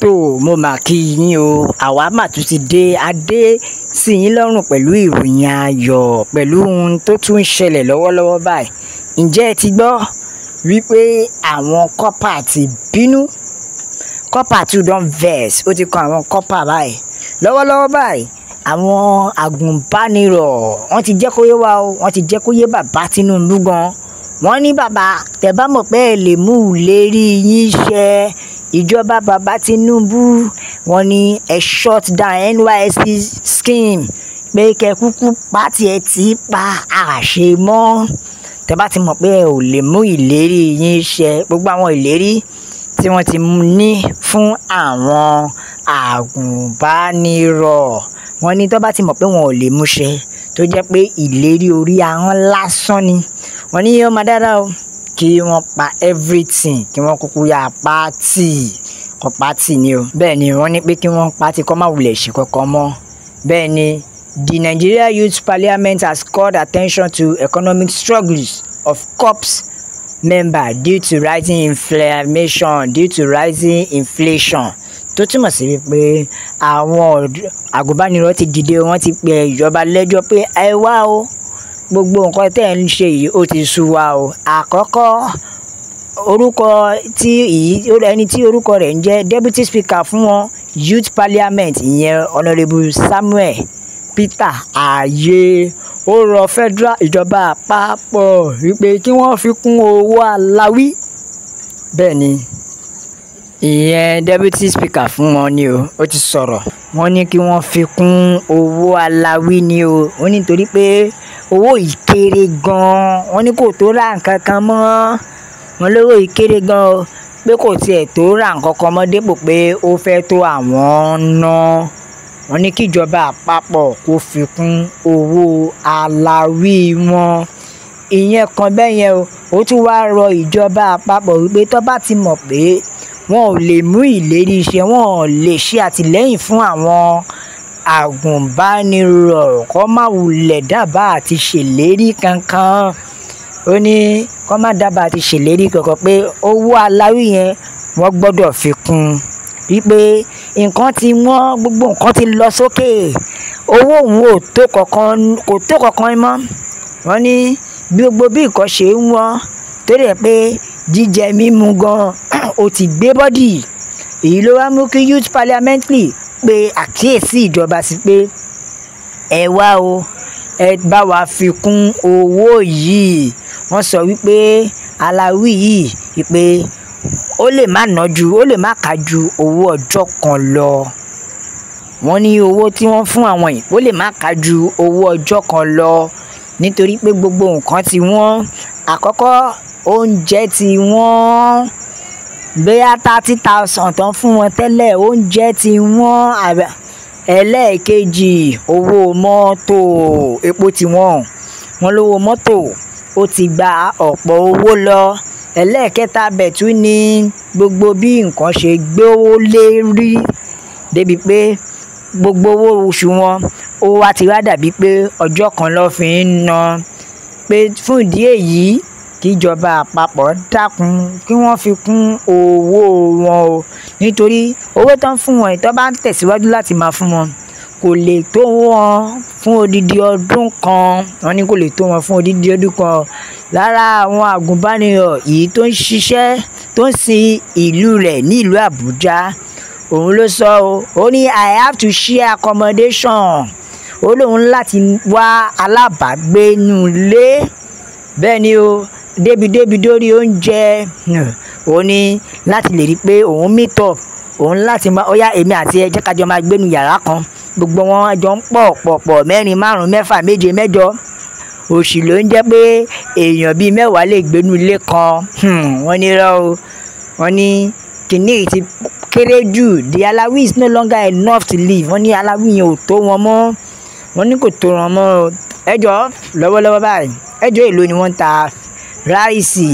Tó, mo máa kí yín o. Àwa má tún ti dé. A dé sí yín lọ́rùn pẹ̀lú ìròyìn ayọ̀ pẹ̀lú ohun tó tún ń ṣẹlẹ̀ lọ́wọ́lọ́wọ́ báyìí. Ǹjẹ́ ẹ ti gbọ́ wípé àwọn corper ti bínú? Corper too don vex. Ó ti kan àwọn corper báyìí. Lọ́wọ́lọ́wọ́ báyìí, àwọn àgùnbánirọ̀ wọ́n ti jẹ́ kó yé wa o. Wọ́n ti jẹ́ kó yé bàbá Tinubu gan. Wọ́n ní bàbá, tẹ mọ̀ pé ẹ lè mú ìlérí yín ṣẹ, ìjọba bàbá tìǹbù wọn ni ẹ short down nysc scheme pé kẹkúkú pàtì ẹ ti pa àṣẹ mọ́ tẹ bá ti mọ̀ pé ẹ ò lè mú ìlérí yín ṣẹ gbogbo àwọn ìlérí tí wọ́n ti ní fún àwọn àgùnbánirọ̀ wọ́n ní tó bá ti mọ̀ pé wọn ò lè mú ṣẹ tó jẹ́ pé ìlérí orí ahọ́n lásán ni wọ́n ní ọmọ dáadáa o kí wọ́n pa everything kí wọ́n kúkú yá pa tíì kó pa tíì ni o bẹ́ẹ̀ ni wọ́n ní pé kí wọ́n pa tíì kó wulẹ̀ ṣe kankan mọ́ bẹ́ẹ̀ ni the Nigeria Youth Parliament has called attention to economic struggles of corps member due to rising inflation due to rising inflation tó túmọ̀ sí wípé àwọn àgùnbánirọ̀ ti dìde wọ́n ti pe ìjọba lẹ́jọ́ pé ẹ wá o gbogbo nǹkan tẹ́ ń ṣe yìí ó ti sú wa o àkọ́kọ́ orúkọ tí ẹni tí orúkọ rẹ̀ ń jẹ́ deputy speaker fún wọn youth parliament ìyẹn honourable Samuel Peter Aye ó rọ federal ìjọba àpapọ̀ wípé kí wọ́n fi kún owó aláwí bẹ́ẹ̀ ni ìyẹn deputy speaker fún wọn ni o ó ti sọ̀rọ̀ wọ́n ní kí wọ́n fi kún owó aláwí ni o wọ́n ní torí pé owó yìí kéré gan-an wọ́n ní kò tó ra nǹkan kan mọ́ wọ́n lówó yìí kéré gan-an o pé kò tiẹ̀ tó ra nǹkan kan mọ́ dépò pé ó fẹ́ tó àwọn ná wọ́n ní kíjọba àpapọ̀ kó fi kún owó aláwí wọn ìyẹn kan bẹ́yẹn o ó tún wáá rọ ìjọba àpapọ̀ wípé tó bá ti mọ̀ pé wọn ò lè mú ìlérí ṣẹ wọn ò lè ṣe àtìlẹ́yìn fún àwọn agùnbánirọ̀ kó má wulẹ̀ dábàá àti ṣèlérí kankan ó ní kó má dábàá àti ṣèlérí kankan pé owó aláwí yẹn wọ́n gbọ́dọ̀ fi kún un wípé nǹkan ti wọ́n gbogbo nǹkan ti lọ sókè owó òun ò tó kankan kò tó kankan mọ́ wọ́n ní gbogbo bí nǹkan ṣe ń wọ́n tó dẹ̀ pé jíjẹ mímu gan ó ti gbé bọ́dì èyí ló wá mú kí youth parliamentary pe àkíyèsí ìjọba sí pé ẹ wá o ẹ bá wa fi kún owó yìí wọ́n sọ wípé aláwí yìí wípé ó lè má ná ju ó lè má kà ju owó ọjọ́ kan lọ wọ́n ní owó tí wọ́n fún àwọn yìí ó lè má kà ju owó ọjọ́ kan lọ nítorí pé gbogbo nǹkan ti wọ́n àkọ́kọ́ oúnjẹ ti wọ́n bóyá thirty thousand tán fún wọn tẹ́lẹ̀ oúnjẹ ti wọ́n ẹlẹ́ẹ̀kejì owó mọ́tò epo ti wọ́n wọn lówó mọ́tò ó ti gba ọ̀pọ̀ owó lọ ẹlẹ́ẹ̀kẹta bẹ̀tú ni gbogbo bí nǹkan ṣe gbówó lé rí débi pé gbogbo owó oṣù wọn ó wá ti wá dàbí pé ọjọ́ kan ló fi ń ná pé fún ìdí èyí kíjọba àpapọ̀ dákun kí wọ́n fi kún owó wọn o nítorí owó tán fún wọn ìtọ́ bá ń tẹ̀síwájú láti máa fún wọn kò lè tó wọn fún odidi ọdún kan wọn ní kò lè tó wọn fún odidi ọdún kan lára àwọn àgùnbánirọ̀ yìí tó ń ṣiṣẹ́ tó ń sin ìlú rẹ̀ ní Àbújá òun ló sọ o ó ní I have to share accommodation ó lóun láti wá alábàágbé nulẹ̀ bẹ́ẹ̀ ni o débidébi dórí oúnjẹ òun ni láti lè rí i pé òun meet òun láti máa ó èmi àti ẹ jẹ́ máa gbénu yàrá kan gbogbo wọn jọ ń pọ̀ pọ̀ pọ̀ mẹ́rin márùn mẹ́fà méje mẹ́jọ òṣì ló ń jẹ́ pé èèyàn bíi mẹ́wàá lè gbénu ilé kan hmm, wọ́n ní rọ́ o wọ́n ní kìnní ti kéré jù the alawi is no longer enough to live wọ́n ní alawi yẹn ò tó wọn mọ́ wọ́n ní kò tó wọn mọ́ o ẹjọ́ báyìí ẹjọ́ èlò ni wọ́n ta ráìsì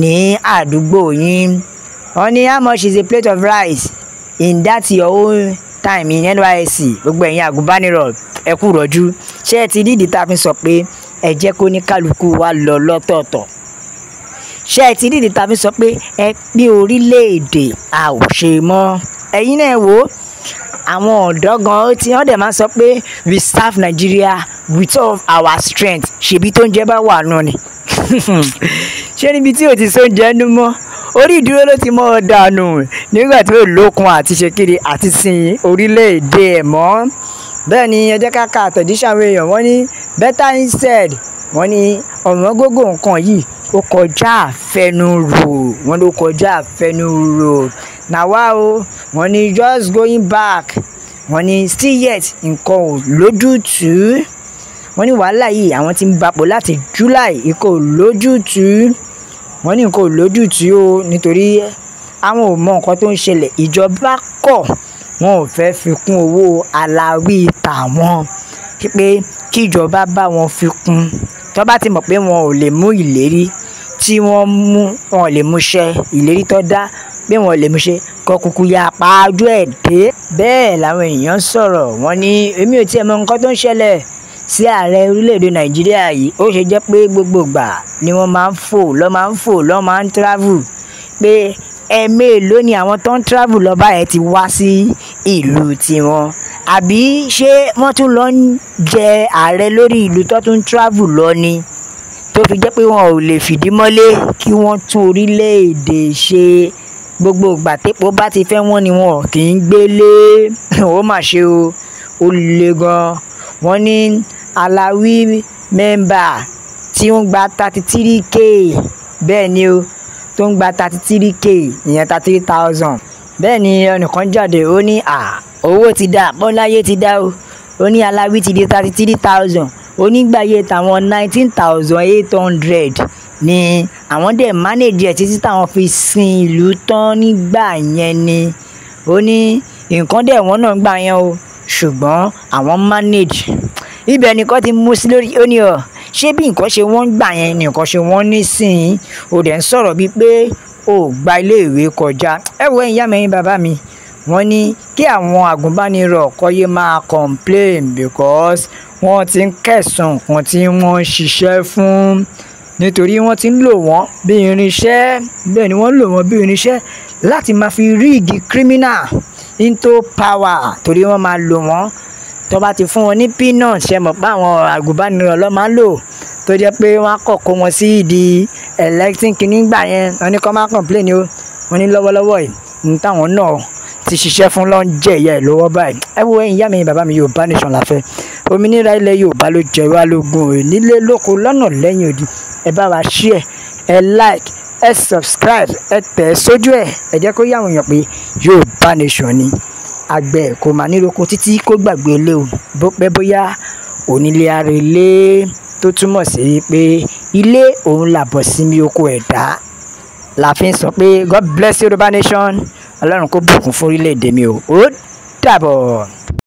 ní àdúgbò yín wọ́n ní how much is a plate of rice in that your own time in NYSC gbogbo ẹ̀yin àgùnbánirọ̀ ẹ kú rọ́jú ṣé ẹ ti rí ìdí tá a fi sọ pé ẹ jẹ́ kó ní kálukú wa lọ lọ́tọ̀ọ̀tọ̀ ṣé ẹ ti rí ìdí tá a fi sọ pé ẹ pín orílẹ̀-èdè a ò ṣe mọ́ ẹ̀yin náà wò ó àwọn ọ̀dọ́ gan tí wọ́n dẹ̀ máa sọ pé we serve Nigeria with all our strength ṣebí tó ń jẹ́ bá wà nù ni. ṣé níbi tí ò ti sóúnjẹ nú mọ́ orí ìdúró ló ti mọ́ ọ dànù nígbà tí ó lókun àti ṣe kiri àti sin orílẹ̀-èdè ẹ̀ mọ́ bẹ́ẹ̀ ni ẹ jẹ́ àtẹ̀jíṣẹ́ àwọn èèyàn wọ́n ní better instead wọ́n ní ọ̀wọ́n gógó nǹkan yìí ó kọjá àfẹnurò wọ́n ló kọjá àfẹnurò nàwa o wọ́n ní just going back wọ́n ní still yet nǹkan ò lójútùú wọ́n ní wàhálà yìí àwọn ti ń bapò láti July ikọ̀ lójútùú wọ́n ní nǹkan ò lójútùú o nítorí àwọn ò mọ nǹkan tó ń ṣẹlẹ̀ ìjọba kọ̀ wọn ò fẹ́ fi kún owó aláwí tàwọn pé kí ìjọba bá wọn fi kún tó bá ti mọ̀ pé wọn ò lè mú ìlérí tí wọ́n mú wọn lè mú ṣẹ ìlérí tó dá pé wọn lè mú ṣe kọ kúkú ya pàájọ ẹ̀ dé bẹ́ẹ̀ làwọn èèyàn sọ̀rọ̀ wọn ní èmi ò tiẹ̀ mọ nǹkan tó ń ṣẹlẹ̀ sí ààrẹ orílẹ̀-èdè nàìjíríà yìí ó ṣe jẹ́ pé gbogbo ìgbà ni wọ́n máa ń fò lọ́ máa ń fò lọ́ máa ń travel pé ẹ̀ẹ̀mélòó ni àwọn tó ń travel lọ báyẹn ti wá sí ìlú tiwọn àbí ṣé wọ́n tún lọ ń jẹ ààrẹ lórí ìlú tó tún travel lọ ni tó fi jẹ́ pé wọn ò lè fìdí mọ́lé kí wọ́n tún orílẹ̀-èdè ṣe gbogbo ìgbà tépo bá ti fẹ́ wọ́n ni wọn kì í gbélé ó mà ṣe o ó le gan wọ́n ní aláwí mẹ́ńbà tí ó ń gba thirty three k bẹ́ẹ̀ ni o tó ń gba thirty three k ìyẹn thirty three thousand bẹ́ẹ̀ ni ẹnìkan jáde ó ní à owó ti dá bọ́láyé ti dá o ó ní aláwí ti di thirty three thousand onígbàyé tàwọn nineteen thousand eight hundred ni àwọn dẹ̀ manage ẹ̀ títí táwọn fi sin ìlú tán nígbà yẹn ni ó ní nǹkan dẹ̀ wọ́n náà gbà yẹn o ṣùgbọ́n àwọn manage ibẹ̀ nìkan ti mú sí lórí ó ní ọ ṣé bí nǹkan ṣe wọ́n gbà yẹn nìkan ṣe wọ́n nísìnyí ò dẹ̀ ń sọ̀rọ̀ bíi pé ò gba iléèwé kọjá ẹ wo ẹ̀yin yá bàbá mi wọ́n ní kí àwọn àgùnbánirọ̀ kọ́ yé máa complain because wọ́n ti ń kẹ̀sùn nǹkan tí wọ́n ń ṣiṣẹ́ fún nítorí wọ́n ti ń lò wọ́n bí irinṣẹ́ bẹ́ẹ̀ ni wọ́n ń lò wọ́n bí irinṣẹ́ láti máa fi ríìgì criminal into power torí wọ́n máa lò wọ́n tó bá ti fún wọn ní peanut ṣe mọ̀ pé àwọn àgùnbánirọ̀ ló máa ń lò tó jẹ́ pé wọ́n á kọ̀ kó wọn sí ìdí election kìíní gbà yẹn wọ́n ní kó má complain o wọ́n ní lọ́wọ́lọ́wọ́ yìí ní táwọn náà ti ṣiṣẹ́ fún ló ń ẹ̀ lọ́wọ́ báyìí ẹ wo ẹ̀yin ìyá mi bàbá mi Yorùbá nation la fẹ́ òmìnira ilẹ̀ Yorùbá ló jẹ wá lógún òye nílé lóko lọ́nà lẹ́yìn òdì ẹ bá wa share ẹ like ẹ subscribe ẹ tẹ̀ sójú ẹ ẹ jẹ́ kó yá èèyàn pé Yorùbá nation ni àgbẹ̀ kò máa ní roko títí kó gbàgbé ilé o bó pẹ́ bóyá onílé ara ilé tó túmọ̀ sí pé ilé òun làbọ̀ sími oko ẹ̀dá la fi ń sọ pé God bless Yorùbá nation ọlọ́run kó bùkún fún orílẹ̀-èdè mi o ó dàbọ̀.